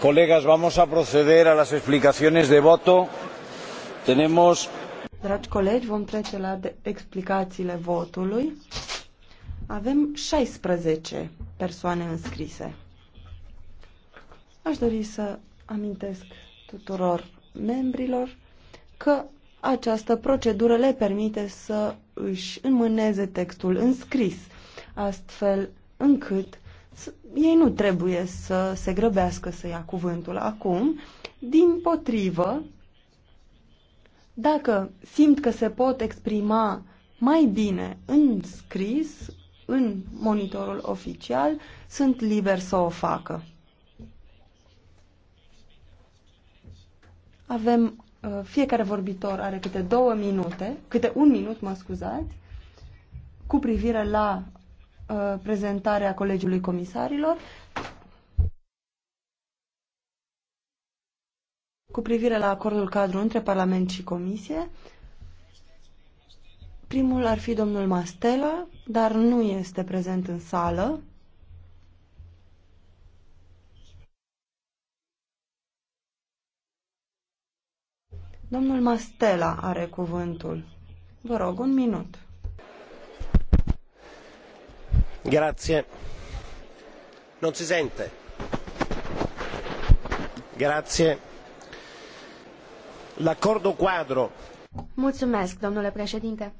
Colegas, vamos a proceder a las explicaciones de voto. Tenemos... Dragi colegi, vom trece la explicațiile votului. Avem 16 persoane înscrise. Aș dori să amintesc tuturor membrilor că această procedură le permite să își înmâneze textul înscris, astfel încât ei nu trebuie să se grăbească să ia cuvântul acum. Din potrivă, dacă simt că se pot exprima mai bine în scris, în monitorul oficial, sunt liber să o facă. Avem, uh, fiecare vorbitor are câte două minute, câte un minut, mă scuzați, cu privire la Uh, prezentarea Colegiului Comisarilor cu privire la acordul cadru între Parlament și Comisie. Primul ar fi domnul Mastela, dar nu este prezent în sală. Domnul Mastela are cuvântul. Vă rog, un minut. Grazie. sente. Grazie. domnule președinte.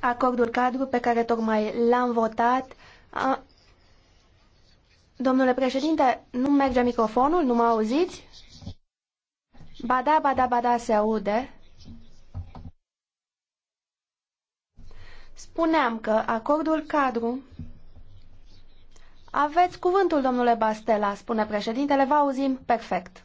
Acordul cadru pe care tocmai l-am votat a... Domnule președinte, nu merge microfonul? Nu mă auziți? Ba da, ba da, ba da, se aude. Spuneam că acordul cadru... Aveți cuvântul, domnule Bastela, spune președintele, vă auzim perfect.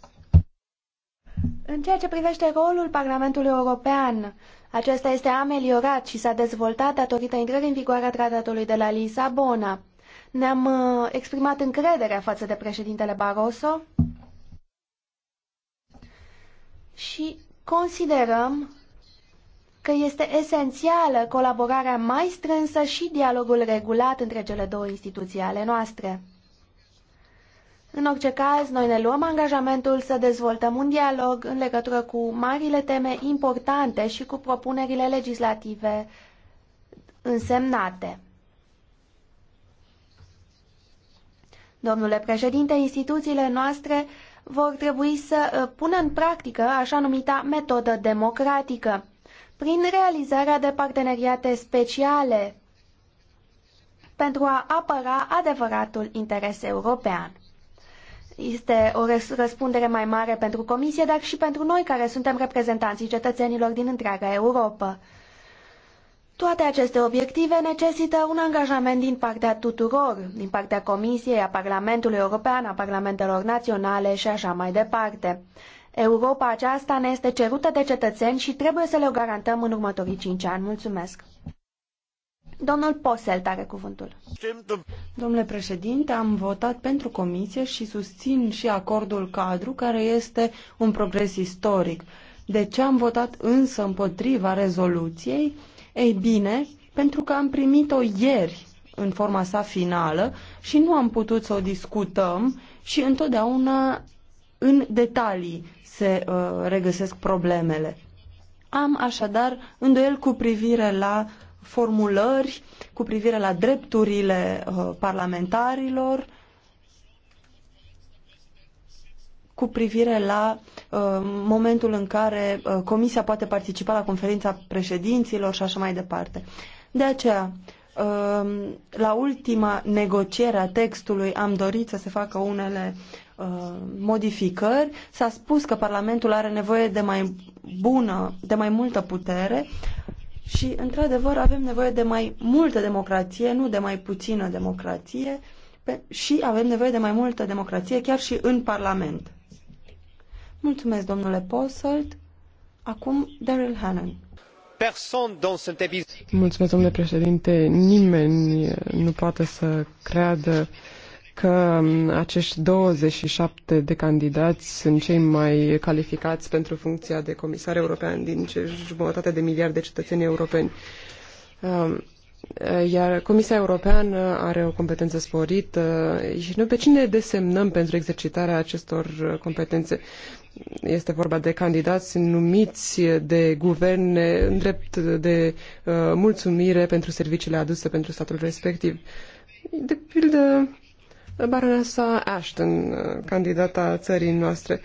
În ceea ce privește rolul Parlamentului European, acesta este ameliorat și s-a dezvoltat datorită intrării în vigoare a tratatului de la Lisabona. Ne-am uh, exprimat încrederea față de președintele Barroso și considerăm că este esențială colaborarea mai strânsă și dialogul regulat între cele două instituții ale noastre. În orice caz, noi ne luăm angajamentul să dezvoltăm un dialog în legătură cu marile teme importante și cu propunerile legislative însemnate. Domnule președinte, instituțiile noastre vor trebui să uh, pună în practică așa numita metodă democratică prin realizarea de parteneriate speciale pentru a apăra adevăratul interes european. Este o răspundere mai mare pentru Comisie, dar și pentru noi care suntem reprezentanții cetățenilor din întreaga Europa. Toate aceste obiective necesită un angajament din partea tuturor, din partea Comisiei, a Parlamentului European, a Parlamentelor Naționale și așa mai departe. Europa aceasta ne este cerută de cetățeni și trebuie să le o garantăm în următorii cinci ani. Mulțumesc! Domnul Poselt are cuvântul. Domnule președinte, am votat pentru comisie și susțin și acordul cadru, care este un progres istoric. De ce am votat însă împotriva rezoluției? Ei bine, pentru că am primit-o ieri în forma sa finală și nu am putut să o discutăm și întotdeauna în detalii se uh, regăsesc problemele. Am așadar îndoiel cu privire la formulări, cu privire la drepturile uh, parlamentarilor, cu privire la uh, momentul în care uh, Comisia poate participa la conferința președinților și așa mai departe. De aceea, uh, la ultima negociere a textului am dorit să se facă unele Uh, modificări, s-a spus că Parlamentul are nevoie de mai bună, de mai multă putere și, într-adevăr, avem nevoie de mai multă democrație, nu de mai puțină democrație și avem nevoie de mai multă democrație chiar și în Parlament. Mulțumesc, domnule Posselt. Acum, Daryl Hannan. Mulțumesc, domnule președinte. Nimeni nu poate să creadă că acești 27 de candidați sunt cei mai calificați pentru funcția de comisar european din cei jumătate de miliard de cetățeni europeni. Um, iar Comisia Europeană are o competență sporită uh, și noi pe cine desemnăm pentru exercitarea acestor uh, competențe? Este vorba de candidați numiți de guverne în drept de uh, mulțumire pentru serviciile aduse pentru statul respectiv. De pildă, baronesa Ashton, candidata țării noastre.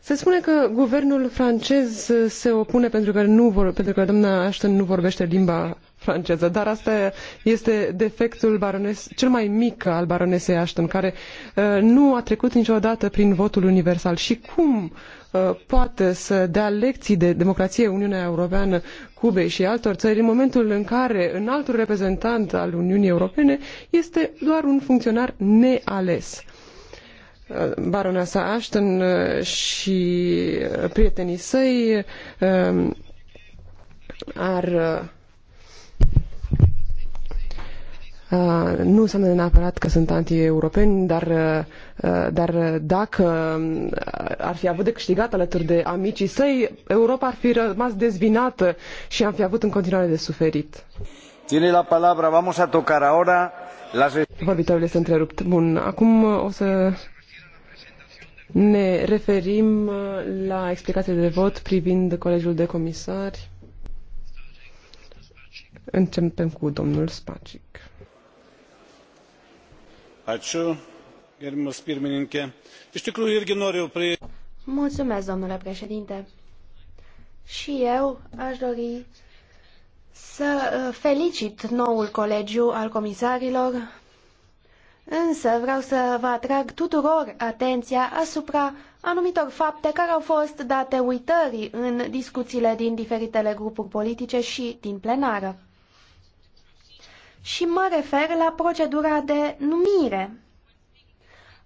Se spune că guvernul francez se opune pentru că, nu vor, pentru că doamna Ashton nu vorbește limba franceză, dar asta este defectul barones, cel mai mic al baronesei Ashton, care uh, nu a trecut niciodată prin votul universal. Și cum uh, poate să dea lecții de democrație Uniunea Europeană Cubei și altor țări în momentul în care în altul reprezentant al Uniunii Europene este doar un funcționar neales? Uh, baronesa Ashton uh, și uh, prietenii săi ar Uh, nu înseamnă neapărat că sunt anti-europeni, dar, uh, uh, dar dacă um, ar fi avut de câștigat alături de amicii săi, Europa ar fi rămas dezvinată și am fi avut în continuare de suferit. Tiene la palabra, vamos a tocar ahora las... Vorbitorul este întrerupt. Bun, acum o să ne referim la explicațiile de vot privind colegiul de comisari. Începem cu domnul Spacic președinte. Și eu aș dori să uh, felicit noul colegiu al comisarilor, însă vreau să vă atrag tuturor atenția asupra anumitor fapte care au fost date uitării în discuțiile din diferitele grupuri politice și din plenară și mă refer la procedura de numire.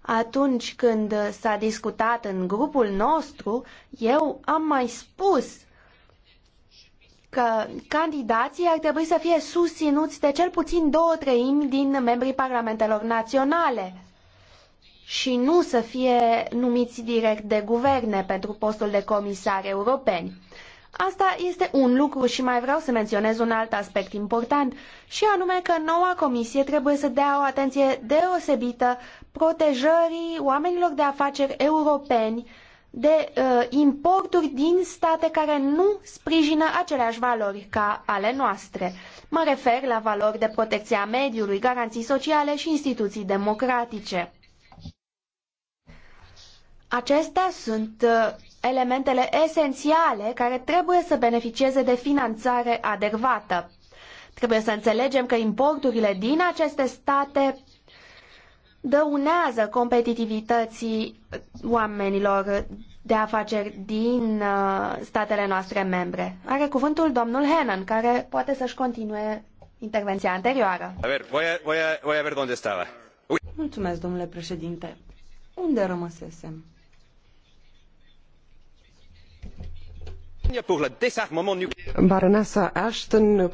Atunci când s-a discutat în grupul nostru, eu am mai spus că candidații ar trebui să fie susținuți de cel puțin două treimi din membrii parlamentelor naționale și nu să fie numiți direct de guverne pentru postul de comisar europeni. Asta este un lucru și mai vreau să menționez un alt aspect important, și anume că noua comisie trebuie să dea o atenție deosebită protejării oamenilor de afaceri europeni de uh, importuri din state care nu sprijină aceleași valori ca ale noastre. Mă refer la valori de protecție a mediului, garanții sociale și instituții democratice. Acestea sunt uh, elementele esențiale care trebuie să beneficieze de finanțare adecvată. Trebuie să înțelegem că importurile din aceste state dăunează competitivității oamenilor de afaceri din uh, statele noastre membre. Are cuvântul domnul Henan, care poate să-și continue intervenția anterioară. A ver, voy a, voy a, ver unde stava. Mulțumesc, domnule președinte. Unde rămăsesem? Baronesa Ashton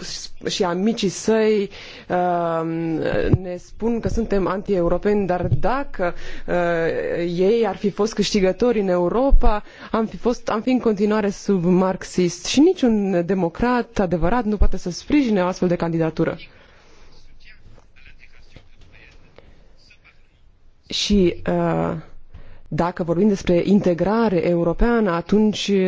și amicii săi um, ne spun că suntem anti-europeni, dar dacă uh, ei ar fi fost câștigători în Europa, am fi, fost, am fi în continuare sub marxist și niciun democrat adevărat nu poate să sprijine o astfel de candidatură. Și uh, dacă vorbim despre integrare europeană, atunci uh,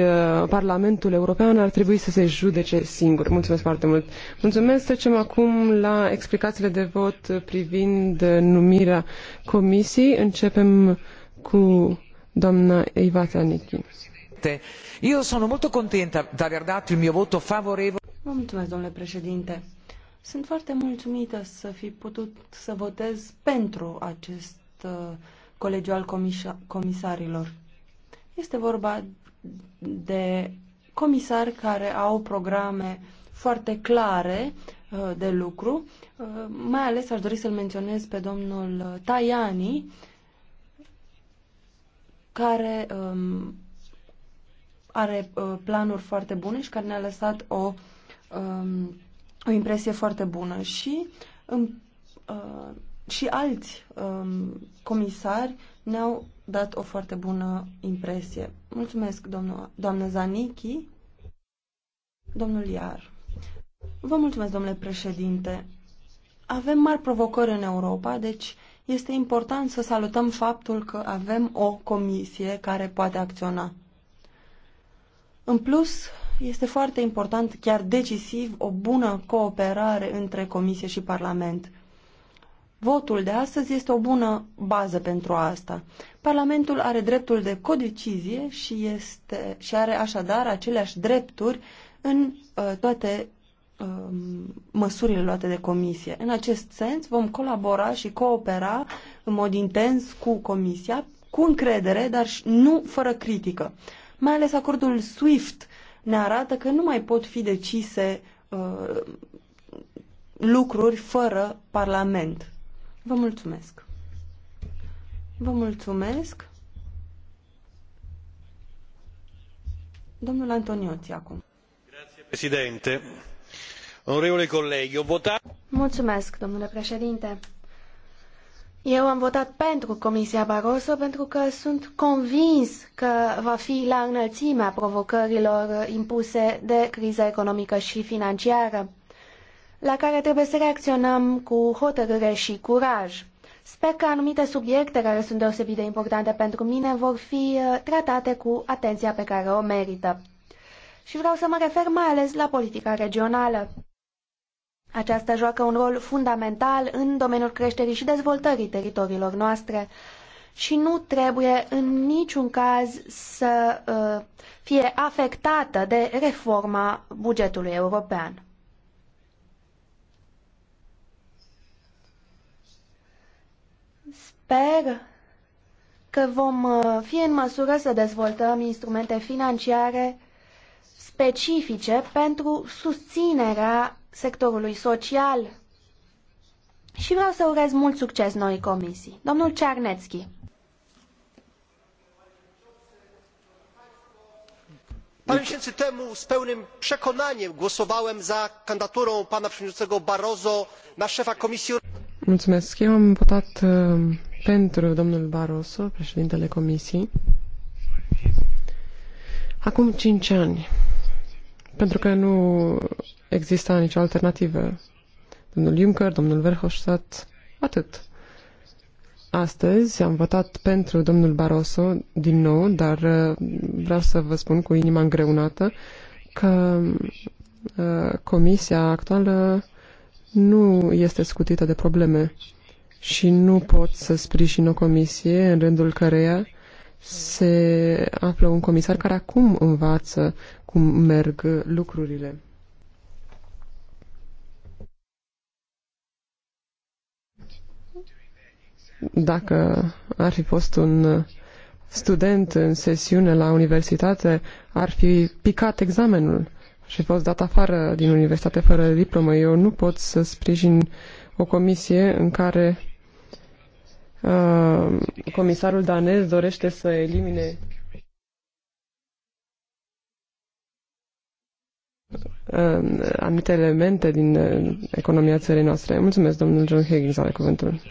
Parlamentul European ar trebui să se judece singur. Mulțumesc foarte mult. Mulțumesc. Trecem acum la explicațiile de vot privind numirea Comisiei, Începem cu doamna Eva Tanichi. Eu sunt foarte contentă de aver dat il mio voto favorevole. Mulțumesc, domnule președinte. Sunt foarte mulțumită să fi putut să votez pentru acest uh, Colegiul al Comisa Comisarilor. Este vorba de comisari care au programe foarte clare uh, de lucru. Uh, mai ales aș dori să-l menționez pe domnul Tajani, care um, are uh, planuri foarte bune și care ne-a lăsat o, um, o impresie foarte bună. Și și alți um, comisari ne-au dat o foarte bună impresie. Mulțumesc, domnul, doamnă Zanichi. Domnul Iar. Vă mulțumesc, domnule președinte. Avem mari provocări în Europa, deci este important să salutăm faptul că avem o comisie care poate acționa. În plus, este foarte important, chiar decisiv, o bună cooperare între comisie și Parlament – Votul de astăzi este o bună bază pentru asta. Parlamentul are dreptul de codecizie și, este, și are așadar aceleași drepturi în uh, toate uh, măsurile luate de comisie. În acest sens vom colabora și coopera în mod intens cu comisia, cu încredere, dar nu fără critică. Mai ales acordul SWIFT ne arată că nu mai pot fi decise uh, lucruri fără Parlament Vă mulțumesc. Vă mulțumesc. Domnul Antonioți acum. Grazie, președinte. Onorevole colegi, eu votat... Mulțumesc, domnule președinte. Eu am votat pentru Comisia Barroso pentru că sunt convins că va fi la înălțimea provocărilor impuse de criza economică și financiară la care trebuie să reacționăm cu hotărâre și curaj. Sper că anumite subiecte care sunt deosebit de importante pentru mine vor fi uh, tratate cu atenția pe care o merită. Și vreau să mă refer mai ales la politica regională. Aceasta joacă un rol fundamental în domeniul creșterii și dezvoltării teritoriilor noastre și nu trebuie în niciun caz să uh, fie afectată de reforma bugetului european. Sper că vom uh, fi în măsură să dezvoltăm instrumente financiare specifice pentru susținerea sectorului social. Și vreau să urez mult succes noi comisii. Domnul Cearnețchi. parę miesięcy temu z pełnym przekonaniem głosowałem za kandydaturą pana przewodniczącego barroso na szefa komisji. Mulțumesc. Eu am votat uh, pentru domnul Barroso, președintele Comisiei, acum cinci ani, pentru că nu exista nicio alternativă. Domnul Juncker, domnul Verhofstadt, atât. Astăzi am votat pentru domnul Barroso din nou, dar uh, vreau să vă spun cu inima îngreunată că uh, comisia actuală nu este scutită de probleme și nu pot să sprijin o comisie în rândul căreia se află un comisar care acum învață cum merg lucrurile. Dacă ar fi fost un student în sesiune la universitate, ar fi picat examenul și fost dat afară din universitate fără diplomă. Eu nu pot să sprijin o comisie în care uh, comisarul danez dorește să elimine uh, anumite elemente din uh, economia țării noastre. Mulțumesc, domnul John Higgins, are cuvântul.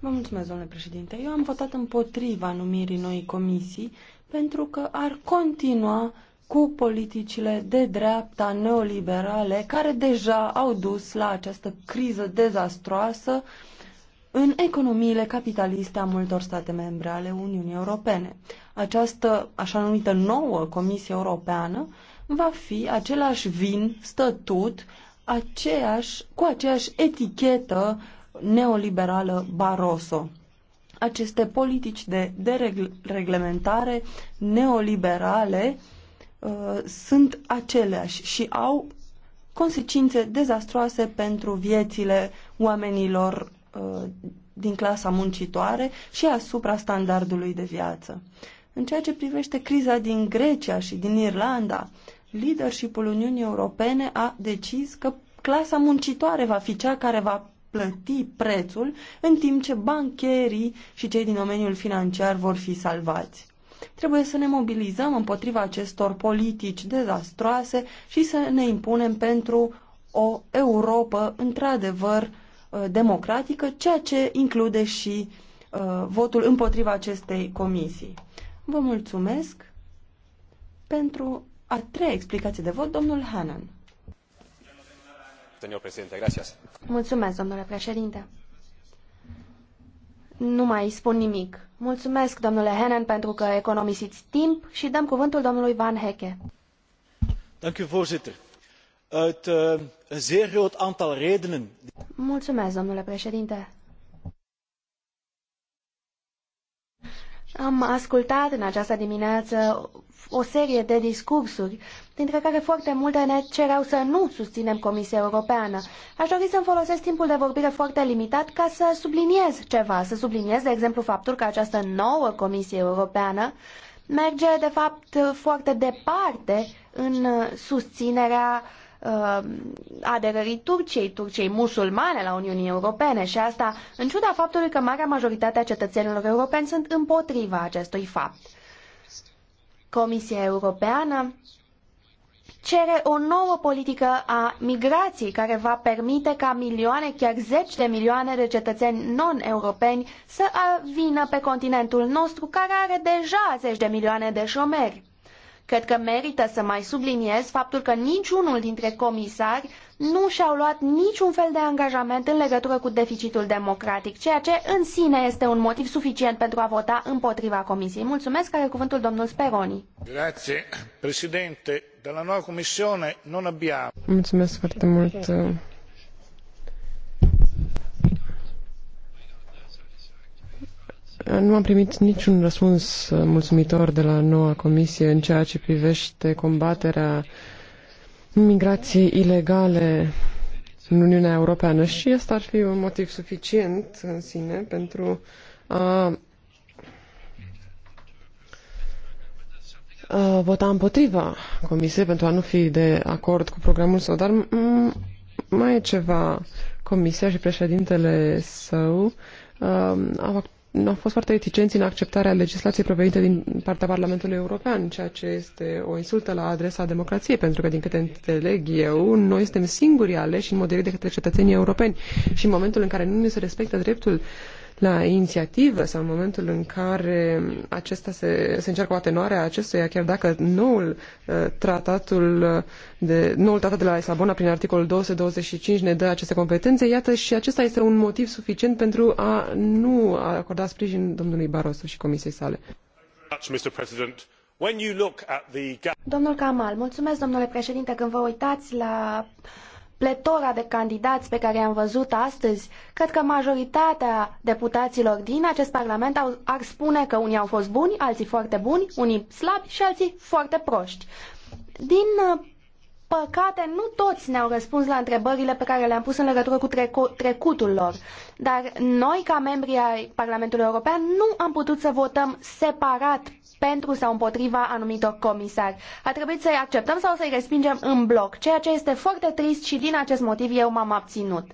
Vă mulțumesc, domnule președinte. Eu am votat împotriva numirii noi comisii pentru că ar continua cu politicile de dreapta neoliberale care deja au dus la această criză dezastroasă în economiile capitaliste a multor state membre ale Uniunii Europene. Această așa numită nouă Comisie Europeană va fi același vin stătut aceeași, cu aceeași etichetă neoliberală Barroso aceste politici de dereglementare neoliberale uh, sunt aceleași și au consecințe dezastroase pentru viețile oamenilor uh, din clasa muncitoare și asupra standardului de viață. În ceea ce privește criza din Grecia și din Irlanda, leadershipul Uniunii Europene a decis că clasa muncitoare va fi cea care va plăti prețul, în timp ce bancherii și cei din domeniul financiar vor fi salvați. Trebuie să ne mobilizăm împotriva acestor politici dezastroase și să ne impunem pentru o Europa într-adevăr uh, democratică, ceea ce include și uh, votul împotriva acestei comisii. Vă mulțumesc pentru a treia explicație de vot, domnul Hannan. Mulțumesc, domnule președinte. Nu mai spun nimic. Mulțumesc, domnule Hennen, pentru că economisiți timp și dăm cuvântul domnului Van Hecke. Eh, Mulțumesc, domnule președinte Am ascultat în această dimineață o serie de discursuri, dintre care foarte multe ne cereau să nu susținem Comisia Europeană. Aș dori să-mi folosesc timpul de vorbire foarte limitat ca să subliniez ceva, să subliniez, de exemplu, faptul că această nouă Comisie Europeană merge, de fapt, foarte departe în susținerea uh, Uh, aderării Turciei, Turciei musulmane la Uniunii Europene și asta în ciuda faptului că marea majoritate a cetățenilor europeni sunt împotriva acestui fapt. Comisia Europeană cere o nouă politică a migrației care va permite ca milioane, chiar zeci de milioane de cetățeni non-europeni să vină pe continentul nostru care are deja zeci de milioane de șomeri. Cred că merită să mai subliniez faptul că niciunul dintre comisari nu și-au luat niciun fel de angajament în legătură cu deficitul democratic, ceea ce în sine este un motiv suficient pentru a vota împotriva Comisiei. Mulțumesc, care cuvântul domnul Speroni. Grazie, președinte. De la noua comisiune nu abbiamo. Mulțumesc foarte mult. Nu am primit niciun răspuns uh, mulțumitor de la noua comisie în ceea ce privește combaterea migrației ilegale în Uniunea Europeană și asta ar fi un motiv suficient în sine pentru a, a vota împotriva comisiei pentru a nu fi de acord cu programul său, dar mm, mai e ceva. Comisia și președintele său uh, au au fost foarte reticenți în acceptarea legislației provenite din partea Parlamentului European, ceea ce este o insultă la adresa democrației, pentru că, din câte înțeleg eu, noi suntem singurii aleși în mod direct de către cetățenii europeni și în momentul în care nu ne se respectă dreptul la inițiativă sau în momentul în care acesta se, se încearcă o atenuare a acestuia, chiar dacă noul uh, tratatul uh, de, noul tratat de la Lisabona prin articolul 225 ne dă aceste competențe, iată și acesta este un motiv suficient pentru a nu acorda sprijin domnului Barroso și comisiei sale. Domnul Kamal, mulțumesc, domnule președinte, când vă uitați la pletora de candidați pe care i-am văzut astăzi, cred că majoritatea deputaților din acest Parlament au, ar spune că unii au fost buni, alții foarte buni, unii slabi și alții foarte proști. Din uh, păcate, nu toți ne-au răspuns la întrebările pe care le-am pus în legătură cu trecutul lor. Dar noi, ca membri ai Parlamentului European, nu am putut să votăm separat pentru sau împotriva anumitor comisari. A trebuit să-i acceptăm sau să-i respingem în bloc, ceea ce este foarte trist și din acest motiv eu m-am abținut.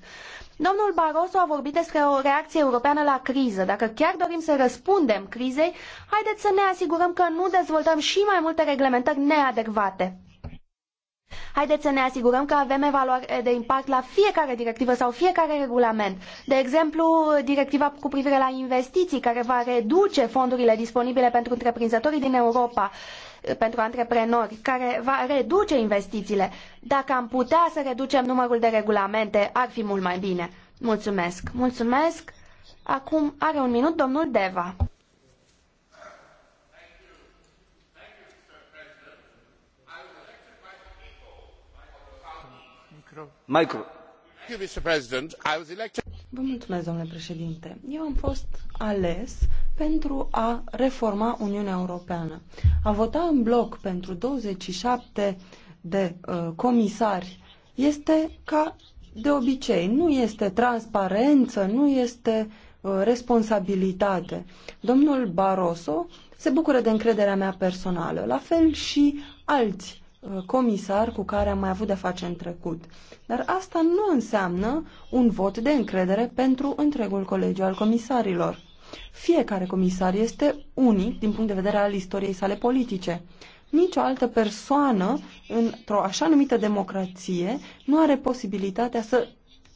Domnul Barroso a vorbit despre o reacție europeană la criză. Dacă chiar dorim să răspundem crizei, haideți să ne asigurăm că nu dezvoltăm și mai multe reglementări neadecvate. Haideți să ne asigurăm că avem evaluare de impact la fiecare directivă sau fiecare regulament. De exemplu, directiva cu privire la investiții, care va reduce fondurile disponibile pentru întreprinzătorii din Europa pentru antreprenori, care va reduce investițiile. Dacă am putea să reducem numărul de regulamente, ar fi mult mai bine. Mulțumesc. Mulțumesc. Acum are un minut domnul Deva. Vă mulțumesc, domnule președinte. Eu am fost ales pentru a reforma Uniunea Europeană. A vota în bloc pentru 27 de uh, comisari este ca de obicei. Nu este transparență, nu este uh, responsabilitate. Domnul Barroso se bucură de încrederea mea personală, la fel și alți Uh, comisar cu care am mai avut de face în trecut. Dar asta nu înseamnă un vot de încredere pentru întregul colegiu al comisarilor. Fiecare comisar este unic din punct de vedere al istoriei sale politice. Nicio altă persoană într-o așa numită democrație nu are posibilitatea să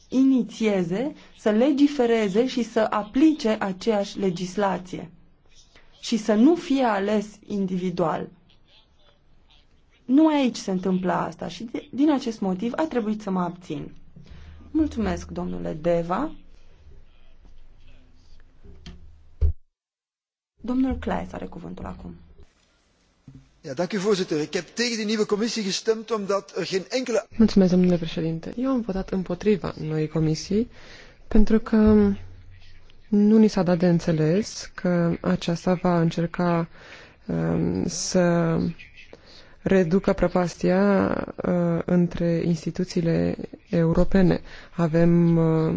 inițieze, să legifereze și să aplice aceeași legislație și să nu fie ales individual. Numai aici se întâmplă asta și de, din acest motiv a trebuit să mă abțin. Mulțumesc, domnule Deva. Domnul Claes are cuvântul acum. Ja, dank u voorzitter. Ik heb tegen die nieuwe commissie gestemd omdat er geen enkele... Mulțumesc, domnule președinte. Eu am votat împotriva noii comisii pentru că nu ni s-a dat de înțeles că aceasta va încerca um, să reducă prăpastia uh, între instituțiile europene. Avem uh,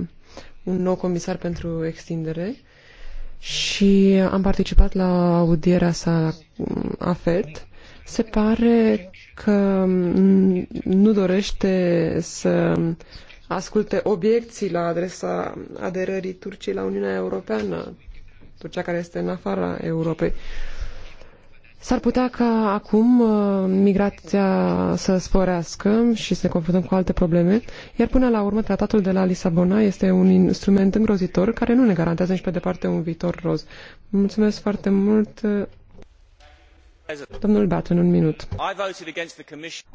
un nou comisar pentru extindere și am participat la audierea sa uh, a Fed. Se pare că mm, nu dorește să asculte obiecții la adresa aderării Turciei la Uniunea Europeană, Turcia care este în afara Europei. Uh, S-ar putea ca acum uh, migrația să sporească și să ne confruntăm cu alte probleme, iar până la urmă tratatul de la Lisabona este un instrument îngrozitor care nu ne garantează nici pe departe un viitor roz. Mulțumesc foarte mult. Domnul Batten, un minut.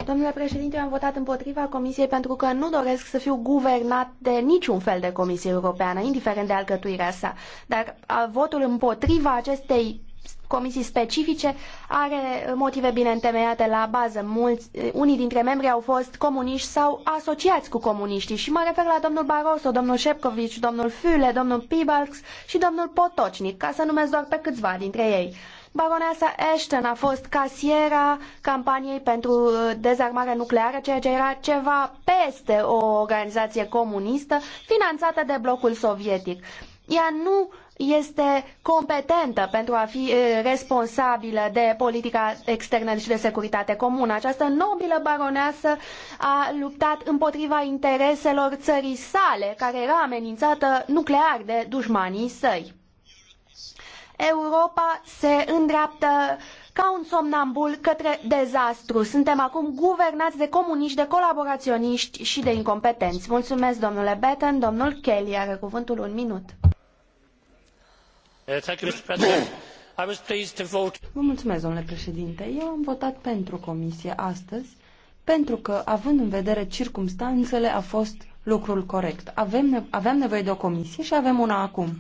Domnule președinte, eu am votat împotriva Comisiei pentru că nu doresc să fiu guvernat de niciun fel de Comisie Europeană, indiferent de alcătuirea sa. Dar votul împotriva acestei comisii specifice are motive bine întemeiate la bază. Mulți, unii dintre membri au fost comuniști sau asociați cu comuniștii și mă refer la domnul Barroso, domnul Șepcovici, domnul Füle, domnul Pibalks și domnul Potocnic, ca să numesc doar pe câțiva dintre ei. Baroneasa Ashton a fost casiera campaniei pentru uh, dezarmare nucleară, ceea ce era ceva peste o organizație comunistă finanțată de blocul sovietic. Ea nu este competentă pentru a fi eh, responsabilă de politica externă și de securitate comună. Această nobilă baroneasă a luptat împotriva intereselor țării sale, care era amenințată nuclear de dușmanii săi. Europa se îndreaptă ca un somnambul către dezastru. Suntem acum guvernați de comuniști, de colaboraționiști și de incompetenți. Mulțumesc, domnule Betten. Domnul Kelly are cuvântul un minut eu am votat pentru comisie astăzi pentru că, având în vedere circumstanțele, a fost lucrul corect. Avem ne- aveam nevoie de o comisie și avem una acum.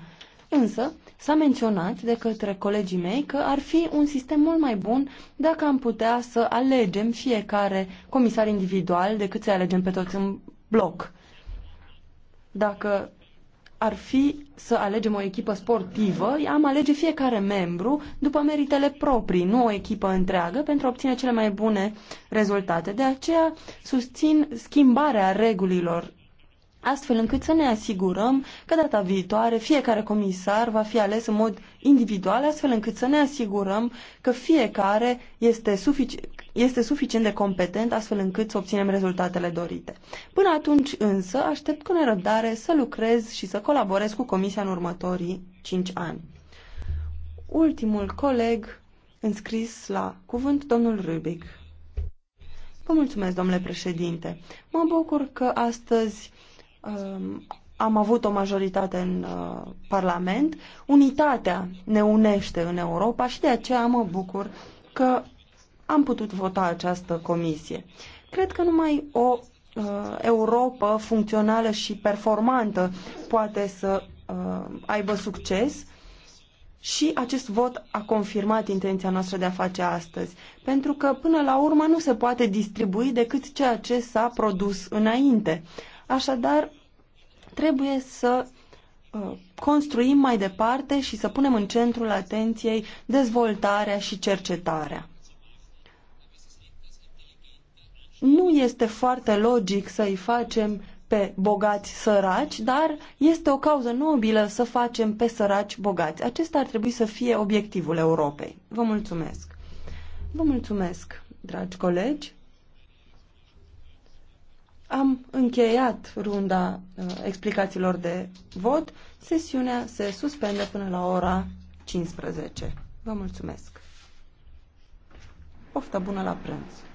Însă, s-a menționat de către colegii mei că ar fi un sistem mult mai bun dacă am putea să alegem fiecare comisar individual decât să alegem pe toți în bloc. Dacă ar fi să alegem o echipă sportivă, am alege fiecare membru după meritele proprii, nu o echipă întreagă, pentru a obține cele mai bune rezultate. De aceea susțin schimbarea regulilor astfel încât să ne asigurăm că data viitoare fiecare comisar va fi ales în mod individual, astfel încât să ne asigurăm că fiecare este suficient este suficient de competent astfel încât să obținem rezultatele dorite. Până atunci însă aștept cu nerăbdare să lucrez și să colaborez cu Comisia în următorii 5 ani. Ultimul coleg înscris la cuvânt, domnul Rubic. Vă mulțumesc, domnule președinte. Mă bucur că astăzi um, am avut o majoritate în uh, Parlament. Unitatea ne unește în Europa și de aceea mă bucur că am putut vota această comisie. Cred că numai o uh, Europa funcțională și performantă poate să uh, aibă succes și acest vot a confirmat intenția noastră de a face astăzi, pentru că până la urmă nu se poate distribui decât ceea ce s-a produs înainte. Așadar, trebuie să uh, construim mai departe și să punem în centrul atenției dezvoltarea și cercetarea. nu este foarte logic să-i facem pe bogați săraci, dar este o cauză nobilă să facem pe săraci bogați. Acesta ar trebui să fie obiectivul Europei. Vă mulțumesc. Vă mulțumesc, dragi colegi. Am încheiat runda uh, explicațiilor de vot. Sesiunea se suspendă până la ora 15. Vă mulțumesc. Poftă bună la prânz.